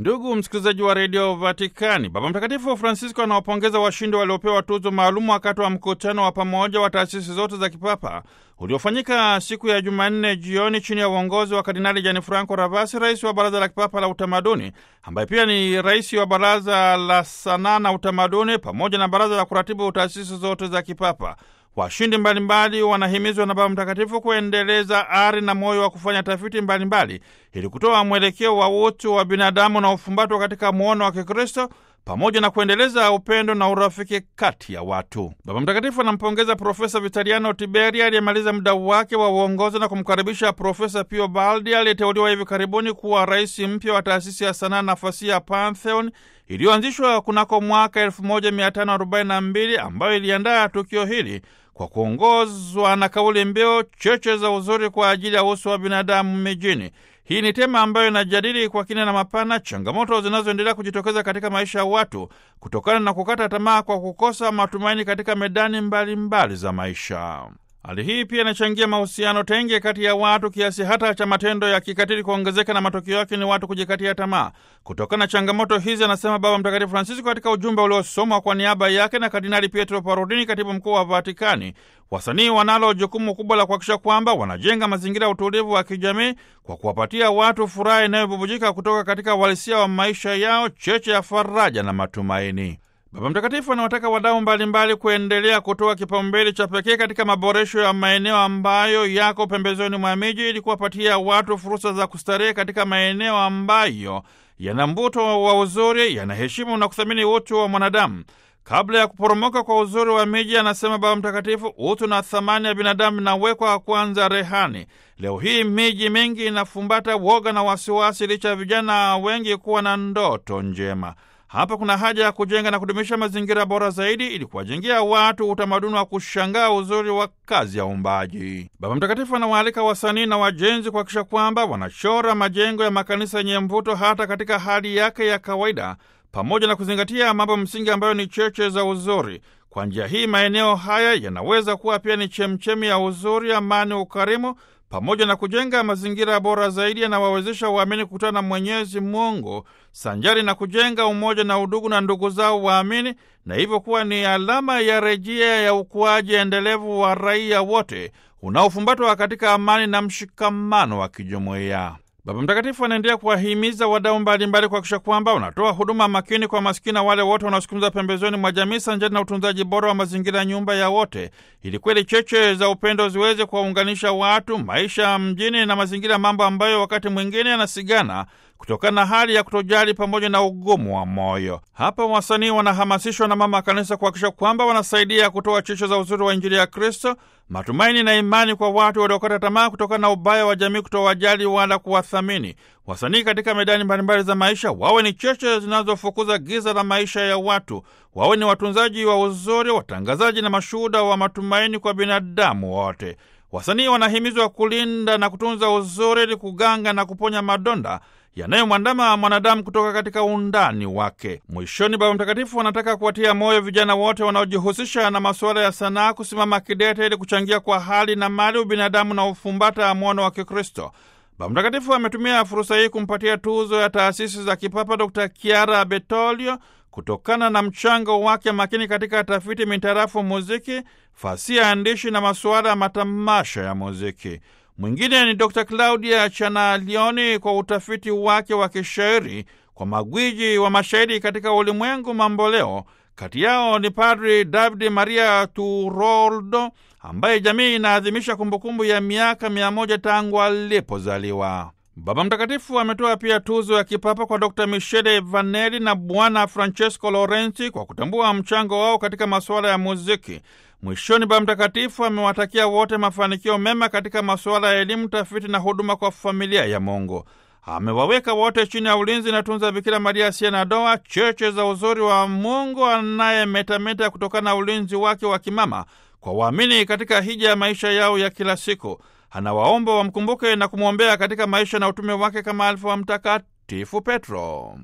Ndugu msikilizaji wa redio Vatikani, Baba Mtakatifu Francisco anawapongeza washindi waliopewa tuzo maalumu wakati wa mkutano wa pamoja wa taasisi zote za kipapa uliofanyika siku ya Jumanne jioni chini ya uongozi wa Kardinali Jani Franco Ravasi, rais wa Baraza la Kipapa la Utamaduni, ambaye pia ni rais wa Baraza la Sanaa na Utamaduni, pamoja na Baraza la Kuratibu taasisi zote za kipapa. Washindi mbalimbali wanahimizwa na Baba Mtakatifu kuendeleza ari na moyo wa kufanya tafiti mbalimbali ili kutoa mwelekeo wa utu wa binadamu na ufumbatwa katika muono wa Kikristo pamoja na kuendeleza upendo na urafiki kati ya watu. Baba Mtakatifu anampongeza Profesa Vitaliano Tiberi aliyemaliza muda wake wa uongozi na kumkaribisha Profesa Pio Baldi aliyeteuliwa hivi karibuni kuwa rais mpya wa taasisi ya sanaa nafasi ya Pantheon iliyoanzishwa kunako mwaka 1542 ambayo iliandaa tukio hili kwa kuongozwa na kauli mbiu cheche za uzuri kwa ajili ya uso wa binadamu mijini. Hii ni tema ambayo inajadili kwa kina na mapana changamoto zinazoendelea kujitokeza katika maisha ya watu kutokana na kukata tamaa kwa kukosa matumaini katika medani mbalimbali mbali za maisha. Hali hii pia inachangia mahusiano tenge kati ya watu kiasi hata cha matendo ya kikatili kuongezeka na matokeo yake ni watu kujikatia tamaa. Kutokana na changamoto hizi, anasema Baba Mtakatifu Francisco katika ujumbe uliosomwa kwa niaba yake na Kardinali Pietro Parolin, katibu mkuu wa Vatikani, wasanii wanalo jukumu kubwa la kuhakikisha kwamba wanajenga mazingira ya utulivu wa kijamii kwa kuwapatia watu furaha inayobubujika kutoka katika uhalisia wa maisha yao, cheche ya faraja na matumaini. Baba Mtakatifu anawataka wadau mbalimbali kuendelea kutoa kipaumbele cha pekee katika maboresho ya maeneo ambayo yako pembezoni mwa miji ili kuwapatia watu fursa za kustarehe katika maeneo ambayo yana mvuto wa uzuri, yanaheshimu na kuthamini utu wa mwanadamu. Kabla ya kuporomoka kwa uzuri wa miji, anasema Baba Mtakatifu, utu na thamani ya binadamu inawekwa kwanza rehani. Leo hii miji mingi inafumbata woga na wasiwasi, licha ya vijana wengi kuwa na ndoto njema hapa kuna haja ya kujenga na kudumisha mazingira bora zaidi ili kuwajengea watu utamaduni wa kushangaa uzuri wa kazi ya uumbaji. Baba Mtakatifu anawaalika wasanii na wajenzi kuhakikisha kwamba wanachora majengo ya makanisa yenye mvuto hata katika hali yake ya kawaida, pamoja na kuzingatia mambo msingi ambayo ni cheche za uzuri. Kwa njia hii, maeneo haya yanaweza kuwa pia ni chemchemi ya uzuri, amani, ukarimu pamoja na kujenga mazingira bora zaidi yanawawezesha waamini kukutana na Mwenyezi Mungu sanjari na kujenga umoja na udugu na ndugu zao waamini, na hivyo kuwa ni alama ya rejea ya ukuaji endelevu wa raia wote unaofumbatwa katika amani na mshikamano wa kijumuiya. Baba Mtakatifu anaendelea kuwahimiza wadau mbalimbali kuhakikisha kwamba wanatoa huduma makini kwa masikini na wale wote wanaosukumza pembezoni mwa jamii, sanjari na utunzaji bora wa mazingira, nyumba ya wote, ili kweli cheche za upendo ziweze kuwaunganisha watu, maisha mjini na mazingira, mambo ambayo wakati mwingine yanasigana kutokana na hali ya kutojali pamoja na ugumu wa moyo. Hapa wasanii wanahamasishwa na mama kanisa kuhakikisha kwamba wanasaidia kutoa chicho za uzuri wa Injili ya Kristo, matumaini na imani kwa watu waliokata tamaa kutokana na ubaya wa jamii kutowajali wala kuwathamini. Wasanii katika medani mbalimbali za maisha wawe ni cheche zinazofukuza giza la maisha ya watu, wawe ni watunzaji wa uzuri, watangazaji na mashuhuda wa matumaini kwa binadamu wote. Wasanii wanahimizwa kulinda na kutunza uzuri ili kuganga na kuponya madonda yanayomwandama mwanadamu kutoka katika undani wake. Mwishoni, Baba Mtakatifu wanataka kuwatia moyo vijana wote wanaojihusisha na masuala ya sanaa kusimama kidete ili kuchangia kwa hali na mali ubinadamu na ufumbata mwono wa Kikristo. Baba Mtakatifu ametumia fursa hii kumpatia tuzo ya taasisi za kipapa Dr. Chiara Betolio kutokana na mchango wake makini katika tafiti mitarafu muziki, fasihi ya andishi na masuala ya matamasha ya muziki. Mwingine ni Dr. Claudia Chanalioni kwa utafiti wake wa kishairi kwa magwiji wa mashairi katika ulimwengu mamboleo. Kati yao ni Padri David Maria Turoldo ambaye jamii inaadhimisha kumbukumbu ya miaka mia moja tangu alipozaliwa. Baba Mtakatifu ametoa pia tuzo ya kipapa kwa Dr Michele vaneli na Bwana Francesco Lorenzi kwa kutambua mchango wao katika masuala ya muziki. Mwishoni, Baba Mtakatifu amewatakia wote mafanikio mema katika masuala ya elimu, tafiti na huduma kwa familia ya Mungu. Amewaweka wote chini ya ulinzi na tunza Bikira Maria asiye na doa, cheche za uzuri wa Mungu anayemetameta kutokana na ulinzi wake wa kimama kwa waamini katika hija ya maisha yao ya kila siku anawaomba wamkumbuke na kumwombea katika maisha na utume wake kama wa Mtakatifu Petro.